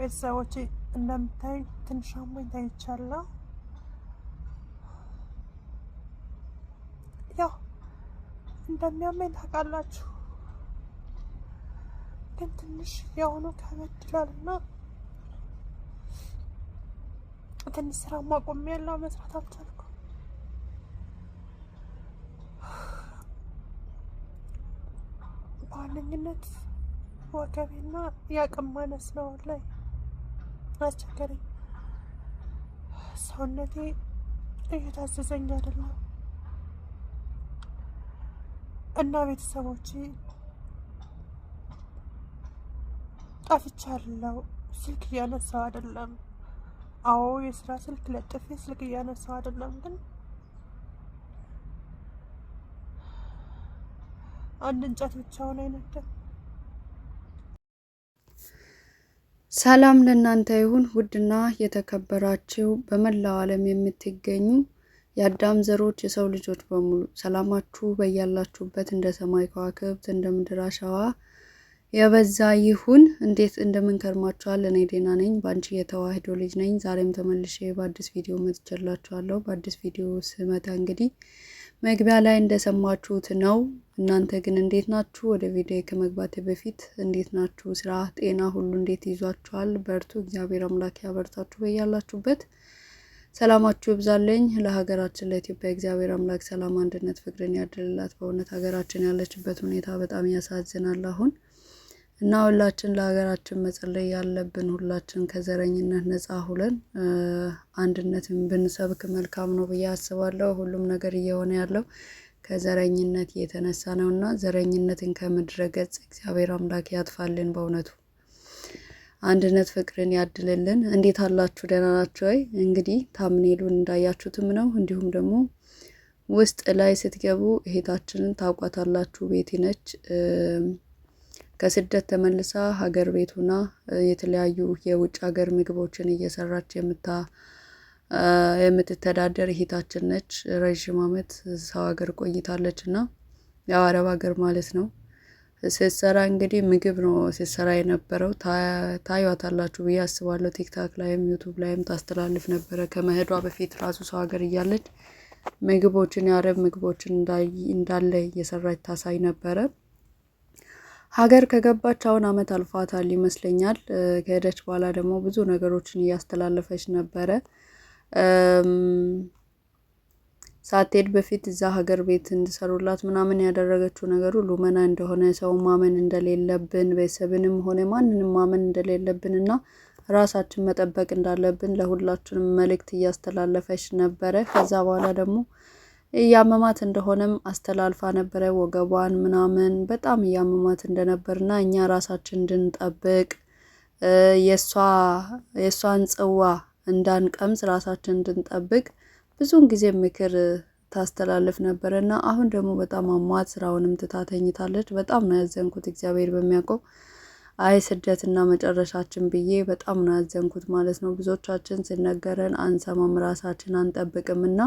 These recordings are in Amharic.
ቤተሰቦቼ እንደምታዩ ትንሽ አሞኝ ታይቻለሁ። ያው እንደሚያመኝ ታውቃላችሁ፣ ግን ትንሽ የሆኑ ከበድ ይላል እና ትንሽ ስራ ማቆም ያለው መስራት አልቻልኩም። በዋነኝነት ወገቤና የአቅም ማነስ ነው ላይ አስቸገረኝ። ሰውነቴ እየታዘዘኝ አይደለም እና ቤተሰቦቼ ጠፍቻለሁ። ስልክ እያነሳው አይደለም። አዎ የስራ ስልክ ለጥፌ ስልክ እያነሳው አይደለም። ግን አንድ እንጨት ብቻውን አይነደም። ሰላም ለእናንተ ይሁን ውድና የተከበራችሁ በመላው ዓለም የምትገኙ የአዳም ዘሮች የሰው ልጆች በሙሉ ሰላማችሁ በያላችሁበት እንደ ሰማይ ከዋክብት እንደ ምድር አሸዋ የበዛ ይሁን። እንዴት እንደምንከርማችኋል? እኔ ዴና ነኝ፣ በአንቺ የተዋህዶ ልጅ ነኝ። ዛሬም ተመልሼ በአዲስ ቪዲዮ መጥቼላችኋለሁ። በአዲስ ቪዲዮ ስመጣ እንግዲህ መግቢያ ላይ እንደሰማችሁት ነው። እናንተ ግን እንዴት ናችሁ? ወደ ቪዲዮ ከመግባት በፊት እንዴት ናችሁ? ስራ፣ ጤና ሁሉ እንዴት ይዟችኋል? በርቱ። እግዚአብሔር አምላክ ያበርታችሁ በያላችሁበት ሰላማችሁ ይብዛለኝ። ለሀገራችን ለኢትዮጵያ እግዚአብሔር አምላክ ሰላም፣ አንድነት፣ ፍቅርን ያድልላት። በእውነት ሀገራችን ያለችበት ሁኔታ በጣም ያሳዝናል አሁን እና ሁላችን ለሀገራችን መጸለይ ያለብን ሁላችን ከዘረኝነት ነፃ ሁለን አንድነትን ብንሰብክ መልካም ነው ብዬ አስባለሁ። ሁሉም ነገር እየሆነ ያለው ከዘረኝነት የተነሳ ነው እና ዘረኝነትን ከምድረ ገጽ እግዚአብሔር አምላክ ያጥፋልን በእውነቱ አንድነት ፍቅርን ያድልልን። እንዴት አላችሁ? ደህና ናችሁ ወይ? እንግዲህ ታምኔሉን እንዳያችሁትም ነው። እንዲሁም ደግሞ ውስጥ ላይ ስትገቡ እህታችንን ታውቋታላችሁ። ቤቲ ነች። ከስደት ተመልሳ ሀገር ቤት ሆና የተለያዩ የውጭ ሀገር ምግቦችን እየሰራች የምታ የምትተዳደር እህታችን ነች። ረዥም ዓመት ሰው ሀገር ቆይታለች እና ያው አረብ ሀገር ማለት ነው። ስትሰራ እንግዲህ ምግብ ነው ስትሰራ የነበረው ታዩታላችሁ ብዬ አስባለሁ። ቲክታክ ላይም ዩቱብ ላይም ታስተላልፍ ነበረ። ከመሄዷ በፊት ራሱ ሰው ሀገር እያለች ምግቦችን የአረብ ምግቦችን እንዳለ እየሰራች ታሳይ ነበረ። ሀገር ከገባች አሁን አመት አልፏታል ይመስለኛል። ከሄደች በኋላ ደግሞ ብዙ ነገሮችን እያስተላለፈች ነበረ። ሳትሄድ በፊት እዛ ሀገር ቤት እንድሰሩላት ምናምን ያደረገችው ነገር ሁሉ መና እንደሆነ ሰው ማመን እንደሌለብን ቤተሰብንም ሆነ ማንንም ማመን እንደሌለብን እና ራሳችን መጠበቅ እንዳለብን ለሁላችንም መልእክት እያስተላለፈች ነበረ። ከዛ በኋላ ደግሞ እያመማት እንደሆነም አስተላልፋ ነበረ። ወገቧን ምናምን በጣም እያመማት እንደነበርና እኛ ራሳችን እንድንጠብቅ የእሷን ጽዋ እንዳንቀምስ ራሳችን እንድንጠብቅ ብዙውን ጊዜ ምክር ታስተላልፍ ነበረ እና አሁን ደግሞ በጣም አሟት ስራውንም ትታ ተኝታለች። በጣም ነው ያዘንኩት። እግዚአብሔር በሚያውቀው አይ ስደትና መጨረሻችን ብዬ በጣም ነው ያዘንኩት ማለት ነው። ብዙዎቻችን ሲነገረን አንሰማም፣ ራሳችን አንጠብቅም እና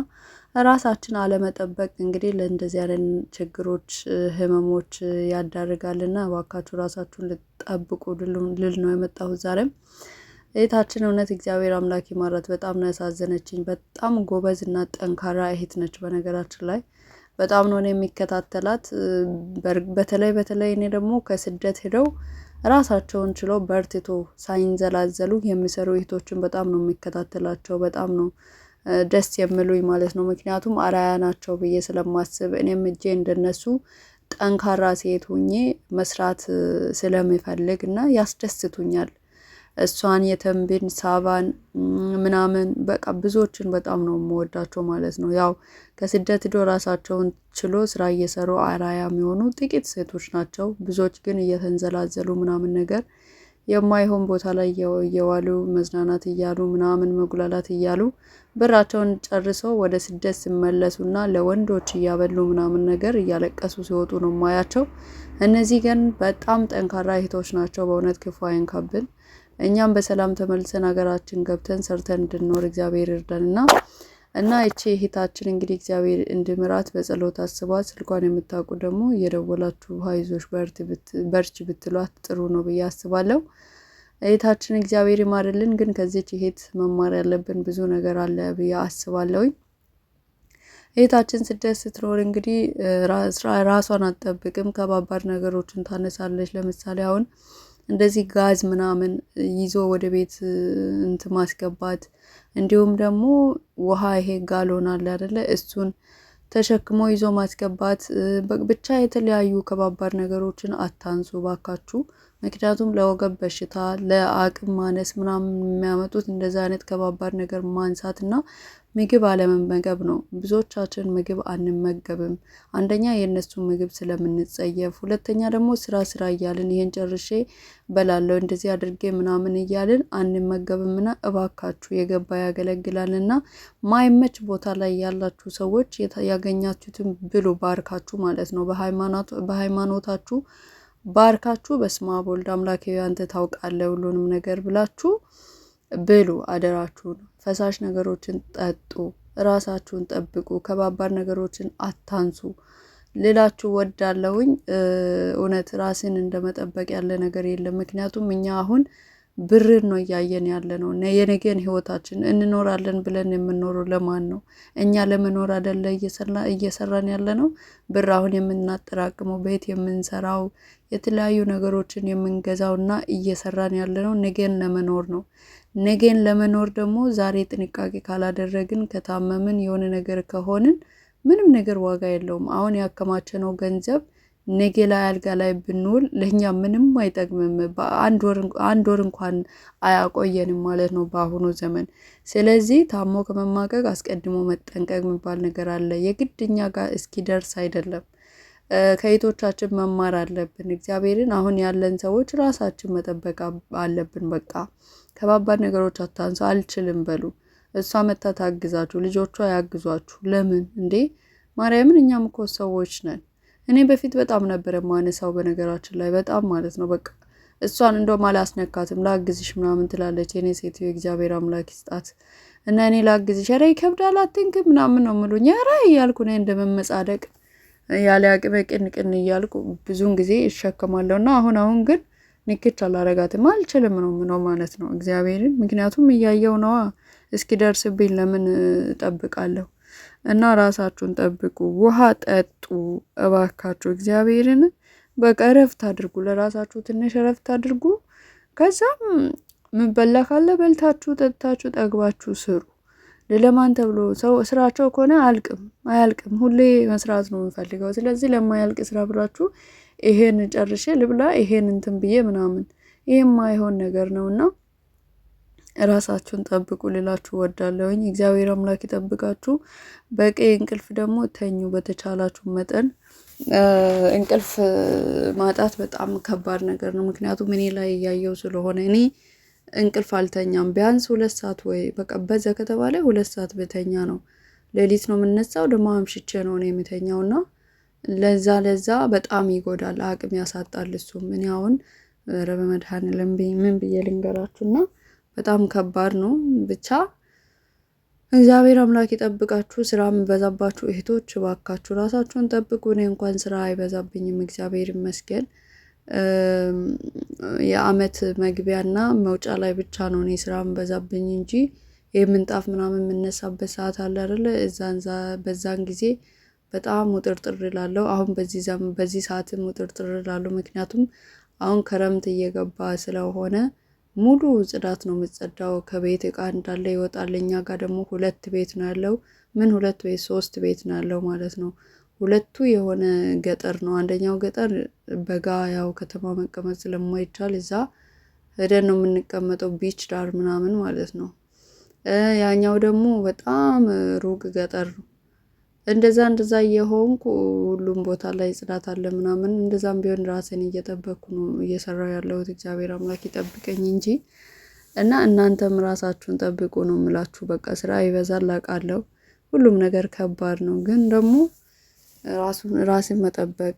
ራሳችን አለመጠበቅ እንግዲህ ለእንደዚህ ያለን ችግሮች፣ ህመሞች ያዳርጋልና እባካችሁ ራሳችሁን ልጠብቁ ልል ነው የመጣሁት ዛሬም እህታችን እውነት እግዚአብሔር አምላክ ይማራት። በጣም ነው ያሳዘነችኝ። በጣም ጎበዝ እና ጠንካራ እህት ነች። በነገራችን ላይ በጣም ነው የሚከታተላት። በተለይ በተለይ እኔ ደግሞ ከስደት ሄደው ራሳቸውን ችለው በርትቶ ሳይንዘላዘሉ የሚሰሩ እህቶችን በጣም ነው የሚከታተላቸው። በጣም ነው ደስ የሚሉኝ ማለት ነው። ምክንያቱም አራያ ናቸው ብዬ ስለማስብ እኔም እጄ እንደነሱ ጠንካራ ሴት ሁኜ መስራት ስለምፈልግ እና ያስደስቱኛል። እሷን የተንቤን ሳባን ምናምን በቃ ብዙዎችን በጣም ነው የምወዳቸው ማለት ነው። ያው ከስደት ዶ ራሳቸውን ችሎ ስራ እየሰሩ አራያ የሚሆኑ ጥቂት ሴቶች ናቸው። ብዙዎች ግን እየተንዘላዘሉ ምናምን ነገር የማይሆን ቦታ ላይ እየዋሉ መዝናናት እያሉ ምናምን መጉላላት እያሉ ብራቸውን ጨርሰው ወደ ስደት ሲመለሱና ለወንዶች እያበሉ ምናምን ነገር እያለቀሱ ሲወጡ ነው ማያቸው። እነዚህ ግን በጣም ጠንካራ እህቶች ናቸው። በእውነት ክፉ አይንካብን። እኛም በሰላም ተመልሰን ሀገራችን ገብተን ሰርተን እንድንኖር እግዚአብሔር ይርዳንና እና ይቺ እህታችን እንግዲህ እግዚአብሔር እንድምራት በጸሎት አስቧት። ስልኳን የምታውቁ ደግሞ እየደወላችሁ ሀይዞች በርች ብትሏት ጥሩ ነው ብዬ አስባለሁ። እህታችን እግዚአብሔር ይማርልን። ግን ከዚች እህት መማር ያለብን ብዙ ነገር አለ ብዬ አስባለሁኝ። እህታችን ስደት ስትኖር እንግዲህ ራሷን አትጠብቅም፣ ከባባድ ነገሮችን ታነሳለች። ለምሳሌ አሁን እንደዚህ ጋዝ ምናምን ይዞ ወደ ቤት እንት ማስገባት እንዲሁም ደግሞ ውሃ ይሄ ጋሎን አለ አይደለ እሱን ተሸክሞ ይዞ ማስገባት ብቻ የተለያዩ ከባባድ ነገሮችን አታንሱ ባካችሁ። ምክንያቱም ለወገብ በሽታ ለአቅም ማነስ ምናምን የሚያመጡት እንደዚ አይነት ከባባድ ነገር ማንሳት እና ምግብ አለመመገብ ነው። ብዙዎቻችን ምግብ አንመገብም። አንደኛ የእነሱ ምግብ ስለምንጸየፍ፣ ሁለተኛ ደግሞ ስራ ስራ እያልን ይህን ጨርሼ በላለው እንደዚህ አድርጌ ምናምን እያልን አንመገብምና እባካችሁ የገባ ያገለግላል እና ማይመች ቦታ ላይ ያላችሁ ሰዎች ያገኛችሁትን ብሉ ባርካችሁ ማለት ነው በሃይማኖታችሁ ባርካችሁ በስመ አብ ወልድ አምላክ አንተ ታውቃለህ ሁሉንም ነገር ብላችሁ ብሉ፣ አደራችሁን። ፈሳሽ ነገሮችን ጠጡ፣ ራሳችሁን ጠብቁ፣ ከባባድ ነገሮችን አታንሱ ልላችሁ ወዳለሁኝ። እውነት ራስን እንደመጠበቅ ያለ ነገር የለም። ምክንያቱም እኛ አሁን ብርን ነው እያየን ያለ ነው። የነገን ህይወታችን እንኖራለን ብለን የምንኖረው ለማን ነው? እኛ ለመኖር አይደለ እየሰራን ያለ ነው። ብር አሁን የምናጠራቅመው ቤት የምንሰራው የተለያዩ ነገሮችን የምንገዛው እና እየሰራን ያለ ነው ነገን ለመኖር ነው። ነገን ለመኖር ደግሞ ዛሬ ጥንቃቄ ካላደረግን፣ ከታመምን፣ የሆነ ነገር ከሆንን ምንም ነገር ዋጋ የለውም። አሁን ያከማቸነው ገንዘብ ነገ ላይ አልጋ ላይ ብንውል ለእኛ ምንም አይጠቅምም። አንድ ወር እንኳን አያቆየንም ማለት ነው በአሁኑ ዘመን። ስለዚህ ታሞ ከመማቀቅ አስቀድሞ መጠንቀቅ የሚባል ነገር አለ። የግድኛ ጋር እስኪደርስ አይደለም ከይቶቻችን መማር አለብን። እግዚአብሔርን አሁን ያለን ሰዎች ራሳችን መጠበቅ አለብን። በቃ ከባባድ ነገሮች አታንሳ፣ አልችልም በሉ። እሷ መታ ታግዛችሁ፣ ልጆቿ ያግዟችሁ። ለምን እንዴ ማርያምን፣ እኛም እኮ ሰዎች ነን። እኔ በፊት በጣም ነበር የማነሳው በነገራችን ላይ በጣም ማለት ነው። በቃ እሷን እንደውም አላስነካትም ላግዝሽ ምናምን ትላለች። የኔ ሴትዮ እግዚአብሔር አምላክ ይስጣት እና እኔ ላግዝሽ፣ ኧረ ይከብዳል አትንክ ምናምን ነው ምሉኝ። ኧረ እያልኩ እኔ እንደመመጻደቅ ያለ አቅሜ ቅን ቅን እያልኩ ብዙውን ጊዜ እሸከማለሁ እና አሁን አሁን ግን ንክች አላረጋትም አልችልም ነው ምነው ማለት ነው እግዚአብሔርን። ምክንያቱም እያየው ነዋ እስኪደርስብኝ ለምን እጠብቃለሁ? እና ራሳችሁን ጠብቁ፣ ውሃ ጠጡ እባካችሁ እግዚአብሔርን በቃ እረፍት አድርጉ። ለራሳችሁ ትንሽ እረፍት አድርጉ። ከዛም ምበላ ካለ በልታችሁ ጠጥታችሁ ጠግባችሁ ስሩ። ለማን ተብሎ ሰው ስራቸው ከሆነ አልቅም አያልቅም፣ ሁሌ መስራት ነው የምፈልገው። ስለዚህ ለማያልቅ ስራ ብላችሁ ይሄን ጨርሼ ልብላ፣ ይሄን እንትን ብዬ ምናምን፣ ይሄ የማይሆን ነገር ነውና ራሳችሁን ጠብቁ ልላችሁ ወዳለሁኝ። እግዚአብሔር አምላክ ይጠብቃችሁ። በቂ እንቅልፍ ደግሞ ተኙ። በተቻላችሁ መጠን እንቅልፍ ማጣት በጣም ከባድ ነገር ነው። ምክንያቱም እኔ ላይ እያየው ስለሆነ እኔ እንቅልፍ አልተኛም። ቢያንስ ሁለት ሰዓት ወይ በቃ በዛ ከተባለ ሁለት ሰዓት ብተኛ ነው። ሌሊት ነው የምነሳው፣ ደግሞ አምሽቼ ነው ነው የምተኛው እና ለዛ ለዛ በጣም ይጎዳል፣ አቅም ያሳጣል። እሱም እኔ አሁን ኧረ በመድኃኔዓለም ምን ብዬ ልንገራችሁ እና በጣም ከባድ ነው። ብቻ እግዚአብሔር አምላክ ይጠብቃችሁ። ስራ የሚበዛባችሁ እህቶች እባካችሁ ራሳችሁን ጠብቁ። እኔ እንኳን ስራ አይበዛብኝም እግዚአብሔር ይመስገን። የአመት መግቢያና መውጫ ላይ ብቻ ነው እኔ ስራ የሚበዛብኝ እንጂ ምንጣፍ ምናምን የምነሳበት ሰዓት አለ አይደለ? በዛን ጊዜ በጣም ውጥርጥር ላለው አሁን በዚህ ሰዓትም ውጥርጥር ላለው ምክንያቱም አሁን ክረምት እየገባ ስለሆነ ሙሉ ጽዳት ነው የምጸዳው። ከቤት እቃ እንዳለ ይወጣል። እኛ ጋር ደግሞ ሁለት ቤት ነው ያለው። ምን ሁለት ቤት ሶስት ቤት ነው ያለው ማለት ነው። ሁለቱ የሆነ ገጠር ነው። አንደኛው ገጠር በጋ ያው ከተማ መቀመጥ ስለማይቻል እዛ ሄደን ነው የምንቀመጠው፣ ቢች ዳር ምናምን ማለት ነው። ያኛው ደግሞ በጣም ሩቅ ገጠር ነው። እንደዛ እንደዛ እየሆንኩ ሁሉም ቦታ ላይ ጽዳት አለ ምናምን እንደዛም ቢሆን ራሴን እየጠበቅኩ ነው እየሰራው ያለሁት። እግዚአብሔር አምላክ ይጠብቀኝ እንጂ እና እናንተም ራሳችሁን ጠብቁ ነው የምላችሁ። በቃ ስራ ይበዛል አውቃለሁ። ሁሉም ነገር ከባድ ነው፣ ግን ደግሞ ራስን መጠበቅ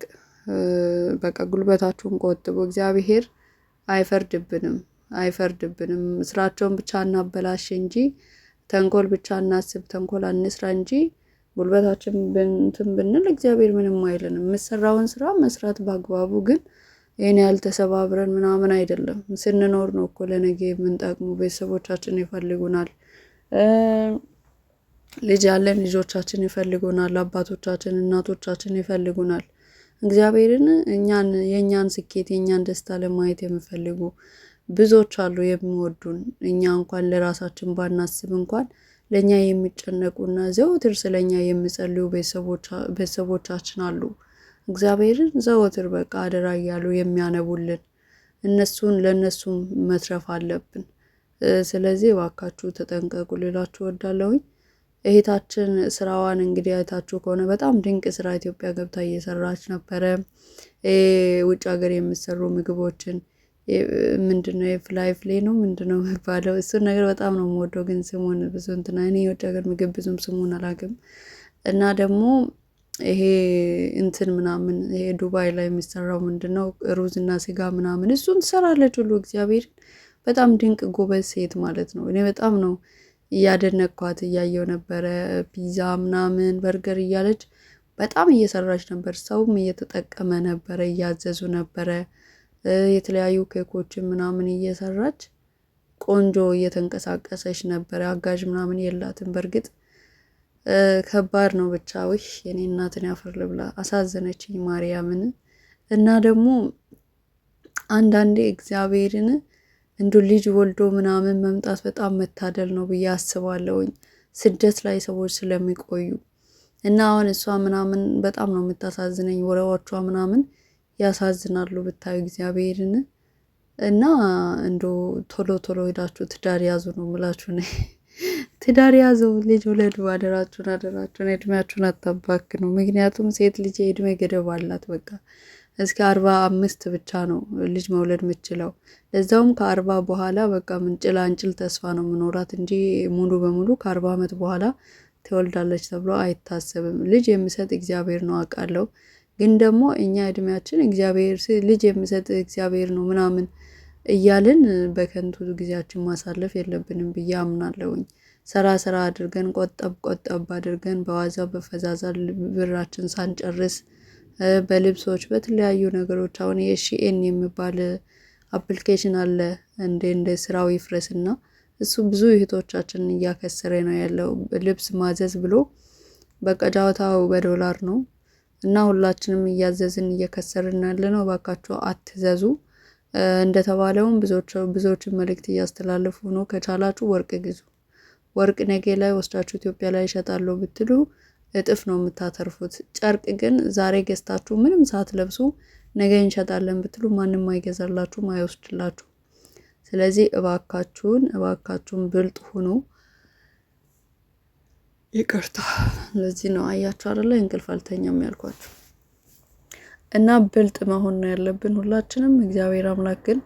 በቃ ጉልበታችሁን ቆጥቡ። እግዚአብሔር አይፈርድብንም አይፈርድብንም። ስራቸውን ብቻ እናበላሽ እንጂ ተንኮል ብቻ እናስብ፣ ተንኮል አንስራ እንጂ ጉልበታችን እንትን ብንል እግዚአብሔር ምንም አይልንም። የምሰራውን ስራ መስራት በአግባቡ ግን ይህን ያህል ተሰባብረን ምናምን አይደለም። ስንኖር ነው እኮ ለነገ የምንጠቅሙ። ቤተሰቦቻችን ይፈልጉናል፣ ልጅ ያለን ልጆቻችን ይፈልጉናል፣ አባቶቻችን እናቶቻችን ይፈልጉናል። እግዚአብሔርን እኛን የእኛን ስኬት የእኛን ደስታ ለማየት የሚፈልጉ ብዙዎች አሉ የሚወዱን። እኛ እንኳን ለራሳችን ባናስብ እንኳን ለእኛ የሚጨነቁና ዘወትር ስለ እኛ የሚጸልዩ ቤተሰቦቻችን አሉ። እግዚአብሔርን ዘወትር በቃ አደራ እያሉ የሚያነቡልን እነሱን ለእነሱም መትረፍ አለብን። ስለዚህ እባካችሁ ተጠንቀቁ ልላችሁ ወዳለሁኝ። እህታችን ስራዋን እንግዲህ አይታችሁ ከሆነ በጣም ድንቅ ስራ ኢትዮጵያ ገብታ እየሰራች ነበረ። ውጭ ሀገር የሚሰሩ ምግቦችን ምንድነው የፍላይፍሌ ነው ምንድነው የሚባለው? እሱን ነገር በጣም ነው የምወደው። ግን ስሙን ብዙ እንትና እኔ የውጭ ሀገር ምግብ ብዙም ስሙን አላውቅም። እና ደግሞ ይሄ እንትን ምናምን ይሄ ዱባይ ላይ የሚሰራው ምንድነው ሩዝ እና ስጋ ምናምን እሱን ትሰራለች ሁሉ እግዚአብሔር በጣም ድንቅ ጎበዝ ሴት ማለት ነው። እኔ በጣም ነው እያደነኳት እያየው ነበረ። ፒዛ ምናምን በርገር እያለች በጣም እየሰራች ነበር። ሰውም እየተጠቀመ ነበረ፣ እያዘዙ ነበረ። የተለያዩ ኬኮችን ምናምን እየሰራች ቆንጆ እየተንቀሳቀሰች ነበረ። አጋዥ ምናምን የላትም። በእርግጥ ከባድ ነው ብቻ። ውሽ የኔ እናትን ያፈር ልብላ አሳዘነችኝ ማርያምን። እና ደግሞ አንዳንዴ እግዚአብሔርን እንዱ ልጅ ወልዶ ምናምን መምጣት በጣም መታደል ነው ብዬ አስባለሁኝ ስደት ላይ ሰዎች ስለሚቆዩ እና አሁን እሷ ምናምን በጣም ነው የምታሳዝነኝ ወረዋቿ ምናምን ያሳዝናሉ ብታዩ እግዚአብሔርን እና እንዶ ቶሎ ቶሎ ሄዳችሁ ትዳር ያዙ ነው ምላችሁ ነ ትዳር ያዙ፣ ልጅ ውለዱ። አደራችሁን አደራችሁን፣ እድሜያችሁን ነው። ምክንያቱም ሴት ልጅ የእድሜ ገደብ አላት። በቃ እስከ አርባ አምስት ብቻ ነው ልጅ መውለድ የምችለው። ለዛውም ከአርባ በኋላ በቃ ጭላንጭል ተስፋ ነው የምኖራት እንጂ ሙሉ በሙሉ ከአርባ ዓመት በኋላ ትወልዳለች ተብሎ አይታሰብም። ልጅ የሚሰጥ እግዚአብሔር ነው አውቃለሁ። ግን ደግሞ እኛ እድሜያችን እግዚአብሔር ልጅ የሚሰጥ እግዚአብሔር ነው ምናምን እያልን በከንቱ ጊዜያችን ማሳለፍ የለብንም ብዬ አምናለሁኝ። ስራ ስራ አድርገን ቆጠብ ቆጠብ አድርገን በዋዛ በፈዛዛ ብራችን ሳንጨርስ በልብሶች በተለያዩ ነገሮች አሁን የሺኤን የሚባል አፕሊኬሽን አለ እንደ እንደ ስራው ይፍረስና እሱ ብዙ እህቶቻችንን እያከሰረ ነው ያለው። ልብስ ማዘዝ ብሎ በቃ ጨዋታው በዶላር ነው እና ሁላችንም እያዘዝን እየከሰርን ያለ ነው። እባካችሁ አትዘዙ። እንደተባለውም ብዙዎችን መልእክት እያስተላለፉ ነው። ከቻላችሁ ወርቅ ግዙ። ወርቅ ነገ ላይ ወስዳችሁ ኢትዮጵያ ላይ ይሸጣለሁ ብትሉ እጥፍ ነው የምታተርፉት። ጨርቅ ግን ዛሬ ገዝታችሁ ምንም ሰዓት ለብሱ ነገ እንሸጣለን ብትሉ ማንም አይገዛላችሁም፣ አይወስድላችሁ። ስለዚህ እባካችሁን እባካችሁን ብልጥ ሁኑ። ይቅርታ። ለዚህ ነው አያችሁ አይደለ እንቅልፍ አልተኛም ያልኳችሁ። እና ብልጥ መሆን ነው ያለብን ሁላችንም። እግዚአብሔር አምላክ ግን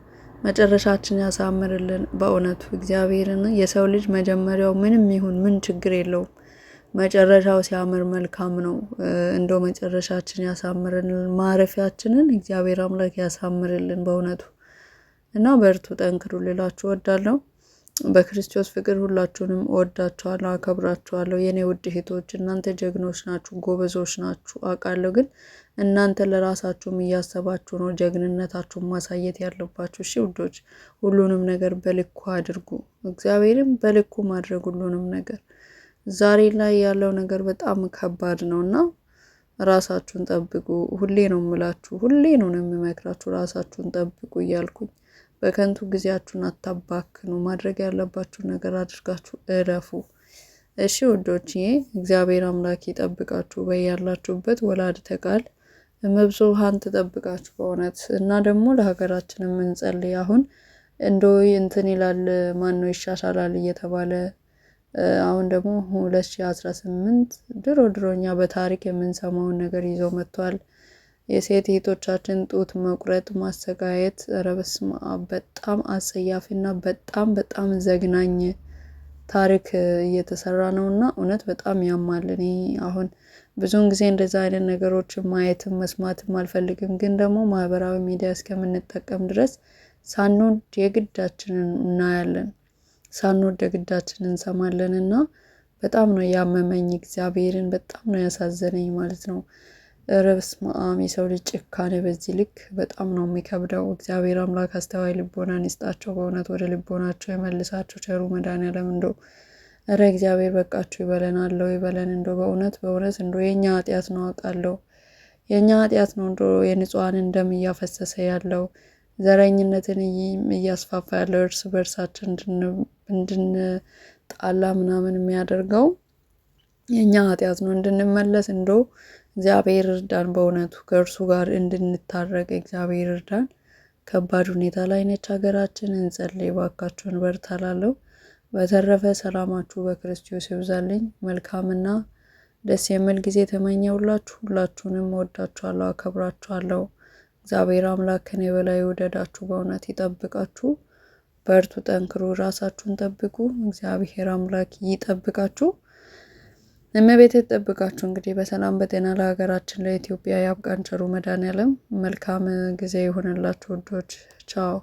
መጨረሻችን ያሳምርልን። በእውነቱ እግዚአብሔርን የሰው ልጅ መጀመሪያው ምንም ይሁን ምን ችግር የለውም መጨረሻው ሲያምር መልካም ነው። እንደ መጨረሻችን ያሳምርልን፣ ማረፊያችንን እግዚአብሔር አምላክ ያሳምርልን በእውነቱ እና በርቱ፣ ጠንክሩ ልላችሁ ወዳለው በክርስቶስ ፍቅር ሁላችሁንም እወዳችኋለሁ፣ አከብራችኋለሁ። የእኔ ውድ እህቶች እናንተ ጀግኖች ናችሁ፣ ጎበዞች ናችሁ አውቃለሁ። ግን እናንተ ለራሳችሁም እያሰባችሁ ነው ጀግንነታችሁን ማሳየት ያለባችሁ። እሺ ውዶች፣ ሁሉንም ነገር በልኩ አድርጉ። እግዚአብሔርም በልኩ ማድረግ ሁሉንም ነገር። ዛሬ ላይ ያለው ነገር በጣም ከባድ ነው እና ራሳችሁን ጠብቁ። ሁሌ ነው የምላችሁ፣ ሁሌ ነው የምመክራችሁ፣ ራሳችሁን ጠብቁ እያልኩኝ በከንቱ ጊዜያችሁን አታባክኑ። ማድረግ ያለባችሁ ነገር አድርጋችሁ እረፉ። እሺ ውዶችዬ፣ እግዚአብሔር አምላክ ይጠብቃችሁ በያላችሁበት። ወላዲተ ቃል እመብዙኃን ትጠብቃችሁ በእውነት እና ደግሞ ለሀገራችን የምንጸልይ አሁን እንደ እንትን ይላል ማን ነው ይሻሻላል እየተባለ አሁን ደግሞ 2018 ድሮ ድሮኛ በታሪክ የምንሰማውን ነገር ይዞ መጥቷል። የሴት እህቶቻችን ጡት መቁረጥ፣ ማሰቃየት ኧረ በስመ አብ በጣም አጸያፊ እና በጣም በጣም ዘግናኝ ታሪክ እየተሰራ ነው እና እውነት በጣም ያማል። እኔ አሁን ብዙውን ጊዜ እንደዛ አይነት ነገሮች ማየትም መስማትም አልፈልግም፣ ግን ደግሞ ማህበራዊ ሚዲያ እስከምንጠቀም ድረስ ሳንወድ የግዳችንን እናያለን፣ ሳንወድ የግዳችንን እንሰማለን እና በጣም ነው ያመመኝ። እግዚአብሔርን በጣም ነው ያሳዘነኝ ማለት ነው። ረብስ የሰው ልጅ ጭካኔ በዚህ ልክ በጣም ነው የሚከብደው። እግዚአብሔር አምላክ አስተዋይ ልቦናን ይስጣቸው፣ በእውነት ወደ ልቦናቸው የመልሳቸው። ቸሩ ያለም እንዶ ረ እግዚአብሔር በቃችሁ ይበለን አለው ይበለን እንዶ በእውነት በእውነት እንዶ የእኛ ኃጢአት ነው አውቃለሁ የእኛ ኃጢአት ነው እንዶ የንጹሐንን ደም እያፈሰሰ ያለው ዘረኝነትን እያስፋፋ ያለው እርስ በእርሳችን እንድንጣላ ምናምን የሚያደርገው የእኛ ኃጢአት ነው እንድንመለስ እንዶ እግዚአብሔር እርዳን። በእውነቱ ከእርሱ ጋር እንድንታረቅ እግዚአብሔር እርዳን። ከባድ ሁኔታ ላይ ነች ሀገራችን። እንጸልይ ባካችሁን። በርታላለው በተረፈ ሰላማችሁ በክርስቶስ ይብዛልኝ። መልካምና ደስ የሚል ጊዜ ተመኘውላችሁ። ሁላችሁንም ወዳችኋለሁ፣ አከብራችኋለሁ። እግዚአብሔር አምላክ ከኔ በላይ ውደዳችሁ፣ በእውነት ይጠብቃችሁ። በርቱ፣ ጠንክሩ፣ ራሳችሁን ጠብቁ። እግዚአብሔር አምላክ ይጠብቃችሁ። እመቤት የተጠብቃችሁ እንግዲህ በሰላም በጤና ለሀገራችን ለኢትዮጵያ ያብቃን። ቸሩ መድኃኔዓለም መልካም ጊዜ የሆነላችሁ ውዶች፣ ቻው።